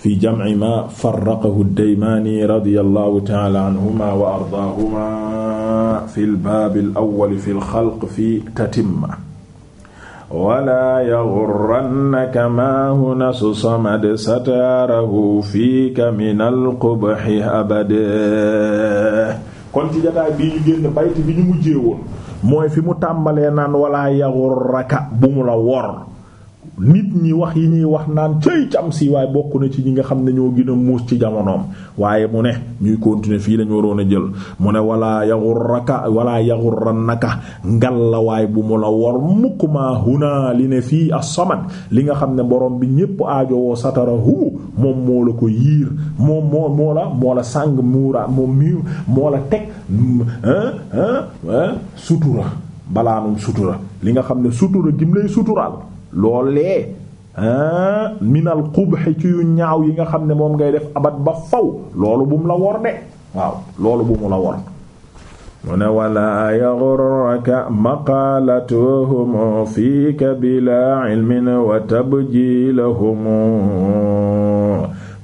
fi jam'i ma farraqahu ad-Daymaani radiyallahu ta'ala anhuma wa ardaahuma fi al-baab al-awwal fi al-khalq fi tatimma wala yaghurrannaka ma huna samad satarahu fiika min al-qubhi abada kon ci jataay bi ñu génn bayt bi ñu mujjee woon mooy fi mu tàmbalee naan wala yaghurraka bu mu la wor nit ñi wax yi ñuy wax naan cëy cam si waaye bokk na ci ñi nga xam ne ñoo gën a muus ci jamonoom waaye mu ne ñuy continuer fii dañu waroon a jël mu ne walaa yaxurraka walaa yaxurrannaka ngal la waay bu mu la wor mukk maa huna li ne fii as-samad li nga xam ne borom bi ñépp aajowoo satarahu moom moo la ko yiir moom moo moo la moo la sàng muura moom mi moo la teg sutura balaanum sutura li nga xam ne sutura gim lay suturaal loolee minal qubhi ci yu ñaaw yi nga xam ne moom ngay def abat ba faw loolu bu mu la wor de waaw loolu bu mu la wor mu ne wala yaghrurka maqaalatuhum fiika bila ilmin wa tabjilahum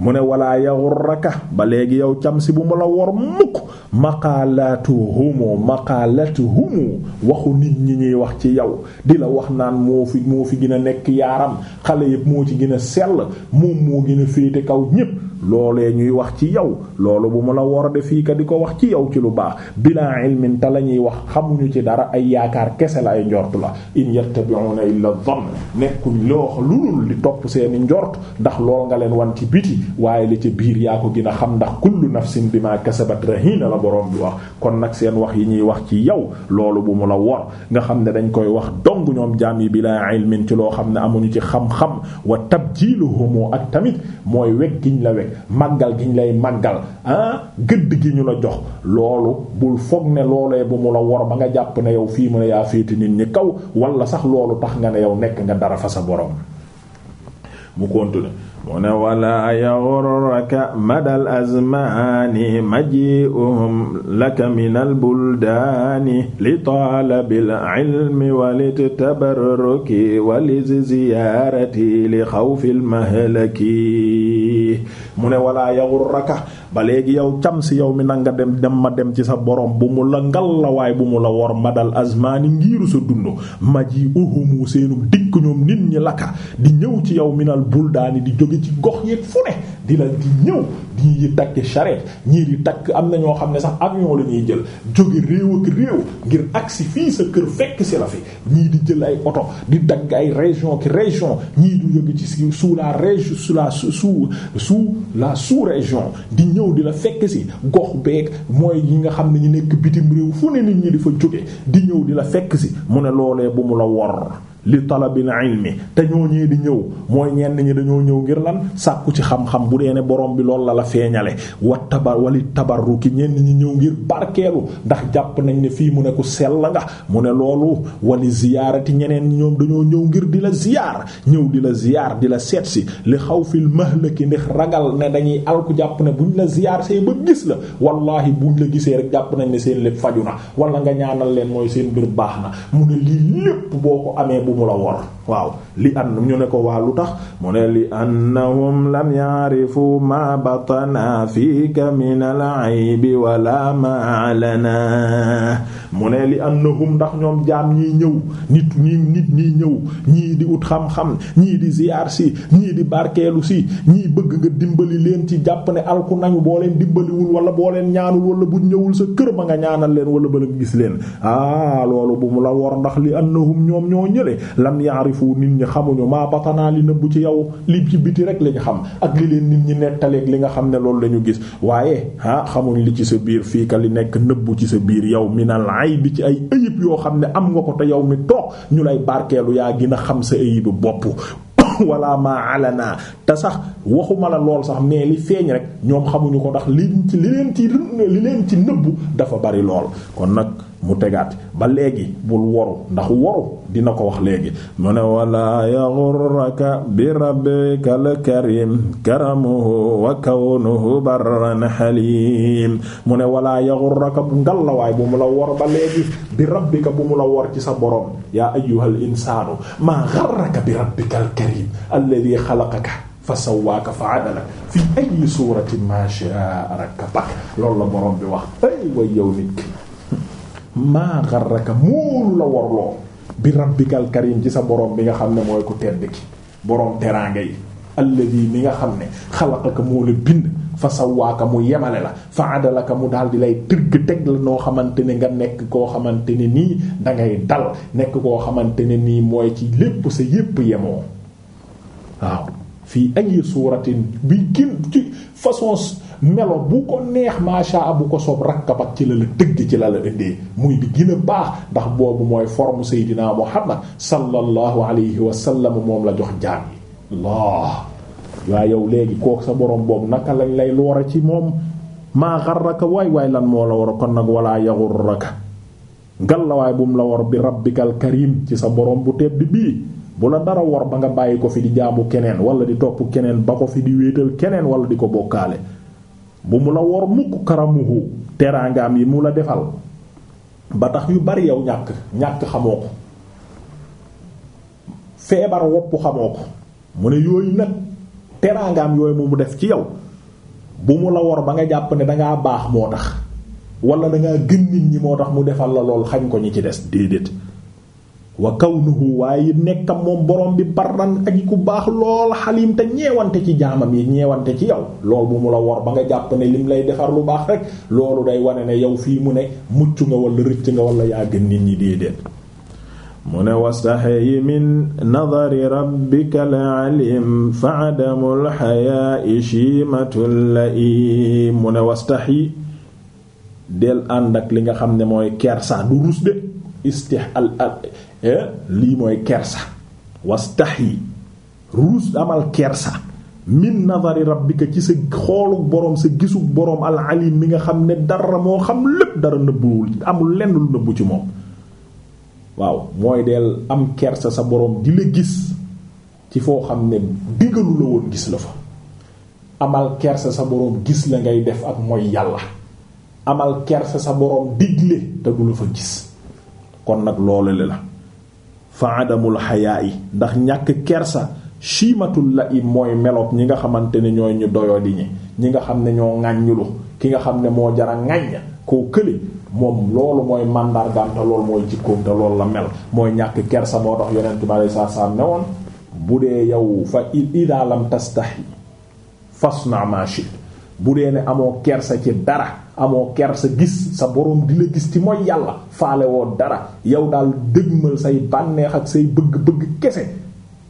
mu ne walaa yaghurraka ba léegi yow cam si bu mu la wor mukk maqaalatuhumu maqaalatuhumu waxu nit ñi ñuy wax ci yow di la wax naan moo fi moo fi gën a nekk yaaram xale yëpp moo ci gën a sell moom moo gën a féete kaw ñépp loolee ñuy wax ci yow loolu bu mu la war de fii ka di ko wax ci yow ci lu baax bilaa ilmin te la ñuy wax xamuñu ci dara ay yaakaar kese la ay njort la in yattabi'una illa dhann nekkuñ loo wax lu dul di topp seeni njort ndax lool nga leen wan ci biti waaye li ci biir yaa ko gën xam ndax kullu nafsin bima kasabat rahina la borom bi wax kon nag seen wax yi ñuy wax ci yow loolu bu mu la war nga xam ne dañ koy wax dong ñoom jaam yi bilaa ilmin ci loo xam ne amuñu ci xam-xam wa tabjiluhum ak tamit mooy weggiñ la weg màggal gi ñu lay màggal ah, gëdd gi ñu la jox loolu bul foog ne loolee bu mu la wor ba nga jàpp ne yow fii mu ne yaa féeti nit ñi kaw wala sax loolu tax nga ne yow nekk nga dara fa sa boroom mu continue mu ne wala yagurraka madal azmaani maji'uhum laka minal buldaani li talabil ilmi walitabarruki waliziyaarati li xawfil mahlaki mu ne wala yagurraka ba léegi yow cam si yow mi nag dem dem ma dem ci sa borom bu mu la ngal la bu mu la wor madal azmaani ngiru sa dund maji'uhum seenu dikk ñoom nit ñi laka di ñëw ci yow minal buldaani di jóge ci gox yeeg fu ne di la di ñëw di yi takk charrette ñii di takk am na ñoo xam ne sax avion la ñuy jël jóge réew réew ngir agsi fii sa kër fekk si la fi ñii di jël ay oto di dagg ay région ki région ñii di jóge ci sous la région sous la sous sous la sous région di ñëw di la fekk si gox beeg mooy yi nga xam ne ñu nekk bitim réew fu ne nit ñi di fa jóge di ñëw di la fekk si mu ne loolee bu mu la wor li talabil ilmi te ñoo ñee di ñëw mooy ñenn ñi dañoo ñëw ngir lan sàkku ci xam-xam bu dee ne borom bi loolu la la feeñale wa tabar wali tabarruki ñenn ñi ñëw ngir barkeelu ndax jàpp nañ ne fii mu ne ku sell nga mu ne loolu wali ziyaarati ñeneen ñoom dañoo ñëw ngir di la ziyaar ñëw di la ziyaar di la seet si li xaw fil mahlaki ndax ragal ne dañuy alku jàpp ne buñ la ziyaar see ba gis la wallahi buñ la gisee rek jàpp nañ ne seen lépp faju na wala nga ñaanal leen mooy seen mbir baax na mu ne lii lépp boo ko amee bu mu waaw li an ñu ne ko waa lu tax mu ne li annahum lam ya'rifu ma batana fika min al-aybi wala ma alana mu ne li annahum ndax ñoom jaam ñii ñëw nit ñi nit ñii ñëw ñii di ut xam-xam ñii si ñii di barkeelu si ñii bëgg dimbali leen ci jàpp ne alku nañu boo leen dimbaliwul wala boo leen ñaanul wala bu ñëwul sa kër ba nga ñaanal leen wala ba la gis leen ah loolu bu mu la wor ndax li annahum ñoom ñoo ñële lam yaarifu nit ñi xamuñu maa batanaa li nëbbu ci yow li ci biti rek ñu xam ak li leen nit ñi nettaleeg li nga xam ne loolu la ñu gis waaye ah xamuñ li ci sa biir fii ka li nekk nëbbu ci sa biir yow mi na laay bi ci ay ayib yoo xam ne am nga ko te yow mi toog ñu lay barkeelu yaa gën a xam sa ayibu bopp wala maa alana te sax waxuma la lool sax mais li feeñ rek ñoom xamuñu ko ndax li ci li leen ci li leen ci nëbbu dafa bari lool kon nag mu tegaat ba léegi bul woru ndax woru dina ko wax léegi mu ne wala yaghurraka bi rabbikal karim karamuhu wa kawnuhu barran halim mu ne wala yaghurraka bu ngal la waay bu mu la wor ba léegi bi rabbika bu mu la wor ci sa borom yaa ayyuhal insaanu maa gharraka bi rabbikal karim alladhi khalaqaka fa sawwaaka fa adalak fi ay suratin ma sha'a rakkabak loolu la borom bi wax ay way yow nit ki maa xarraka moolu la warloo bi rabbikal karim ci sa borom bi nga xam ne mooy ku tedd ki borom teraanga yi alladi mi nga xam ne xalaqaka moo la bind fa sawaaka mu yemale la fa adalaka mu daal di lay tëgg teg la noo xamante ne nga nekk koo xamante ne nii dangay dal nekk koo xamante ne nii mooy ci lépp sa yépp yemoo waaw fii ay suuratin bi gën ci façon melo bu ko neex maasha bu ko soob rakkabat ci la la dëgg ci la la indee muy bi gën a baax ndax boobu mooy forme Seydina Muhammad sallallahu alayhi wa sallam moom la jox jaam yi Allah waaye yow léegi kooku sa borom boobu naka lañ lay a ci moom maa xarraka waay waay lan moo la war a kon nag wala yaxurraka ngal la waaye bu la war bi rabbikal karim ci sa borom bu tedd bii bu la dara war ba nga bàyyi ko fi di jaamu keneen wala di topp keneen ba ko fi di wéetal keneen wala di ko bokkaale bu mu la wor mukk karamuhu teraangaam yi mu la defal ba tax yu bari yow ñàkk ñàkk xamoo ko feebar wopp xamoo ko mu ne yooyu nag teraangaam yooyu mu def ci yow bu mu la wor ba nga jàpp ne danga baax moo tax wala dangaa gën nit ñi moo tax mu defal la lool xañ ko ñi ci des déedéet wa kawnuhu waaye nekkam moom borom bi barran aji ku baax lool xalim te ñeewante ci jaamam yi ñeewante ci yow lool bu mu la wor ba nga jàpp ne lim lay defar lu baax rek loolu day wane ne yow fii mu ne mucc nga wala rëcc nga wala yaa gën nit ñi déedéet mu ne wastaxeyi min nadari rabbika laalim fa adamul xayaai chiimatul la i mu ne wastaxyi del ànd ak li nga xam ne mooy kersa du rus de istih al Eh? lii mooy kersa wastaxyi ruus amal kersa min nazari rabbika ci sa xooluk boroom sa gisuk boroom al mi nga xam ne dara moo xam lépp dara nëbbuwul amul lenn nëbbu ci moom waaw mooy deel am sa boroom di la gis ci foo xam ne digalu gis la fa amal kersa sa ngay def yàlla amal kersa sa boroom digle te du la fa gis kon nag loolu la fa adamul xayaa yi ndax ñàkk kersa chiimatul la i mooy meloog ñi nga xamante ne ñoo ñu doyoo di ñi ñi nga xam ne ñoo ŋàññulu ki nga xam ne moo jara ŋàññ koo kële moom loolu mooy màndargaam lool loolu mooy jikkoom te loolu la mel mooy ñàkk kersa moo tax yonent ma alei saatu salaam ne woon bu dee yow fa ida lam tastahi fasna ma shi bu dee ne amoo kersa ci dara amoo ker sa gis sa borom di la gis ci mooy yàlla faale woo dara yow daal dëgmal say bànneex ak say bëgg-bëgg kese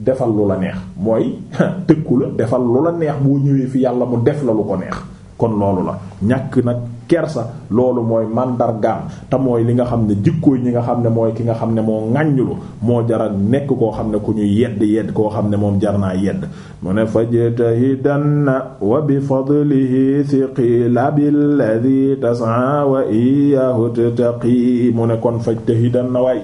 defal lu la neex mooy tëkku la defal lu la neex boo ñëwee fi yàlla mu def la lu ko neex kon loolu la ñàkk nag kersa loolu mooy mandargaam te mooy li nga xam ne jikkooy ñi nga xam ne mooy ki nga xam ne moo ŋàññulu moo jaral nekk koo xam ne ku ñu yedd yedd koo xam ne moom jar naa yedd mu ne fajtahidanna wa na fadlihi thiqila billadhi tas'a wa iyyahu tattaqi mu ne kon fajtahidanna waay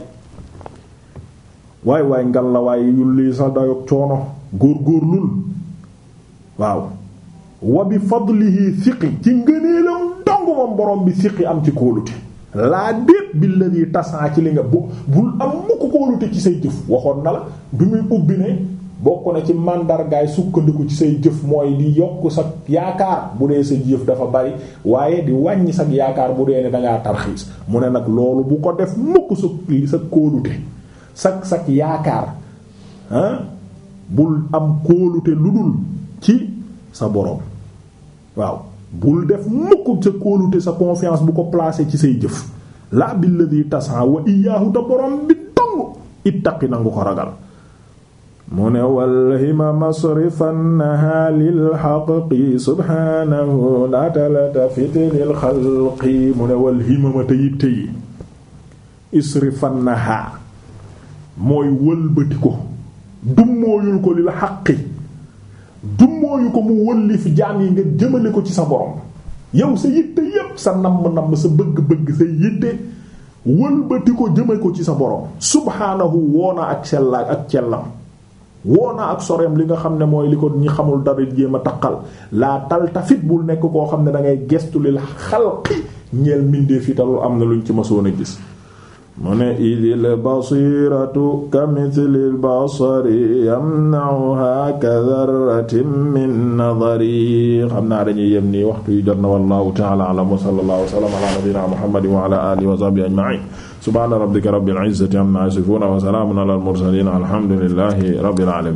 waay waay ngal la waay yu lii sa dayog coono góorgóorlul waaw wa bi fadlihi thiqi ci ngëneelam borom bi siqi am ci kóolute laa déet bi la di tasan ci li nga bu ci say jëf waxoon na la bi muy ubbi bokk na ci màndargaay sukkandiku ci say jëf mooy di yokk sa yaakaar bu dee sa jëf dafa bari waaye di wàññi sa yaakaar bu dee ne dangaa mu ne nag loolu bu ko def mukk sa sa kóolute sak sak yaakaar ah bul am kóolute lu dul ci sa borom waaw bul def mukk sa kóolute sa confiance bu ko placer ci say jëf laa billadi tasaa wa iyaahu borom bi dong ittaqi nangu ko ragal mu ne walhima masrifannaha lilxaqi subhanahu la taltafiti lilxalqi mu ne walhima ma tëyib tëyi isrifannaha mooy wëlbati ko dummóoyul ko lil xaqi dummóoyu ko mu fi jaam yi nga jëmale ko ci sa borom yow sa yitte yépp sa namm-namm sa bëgg-bëgg sa yitte wëlbati ko jëme ko ci sa borom subhaanahu woona ak sellaak ak cellam woona ak soreem li nga xam ne mooy li ko ñi xamul dara jéem a taqal laa taltafit bul nekk koo xam ne da ngay li la xalqi ñeen mbindeef yi talul am na luñ ci masoon a gis mu ne idil basiratu kamithli basari yamnauha kadaratin min nadari xam naa dañuy yem nii waxtu yi jot na wallahu ta'ala a'lam wa sallallahu wa sallam ala nabiyyina muhammadin wa ala alihi wa sahbihi ajma'in subhana rabbika rabbil izzati amma yasifun wa salamun ala al mursalin alhamdulillahi rabbil alamin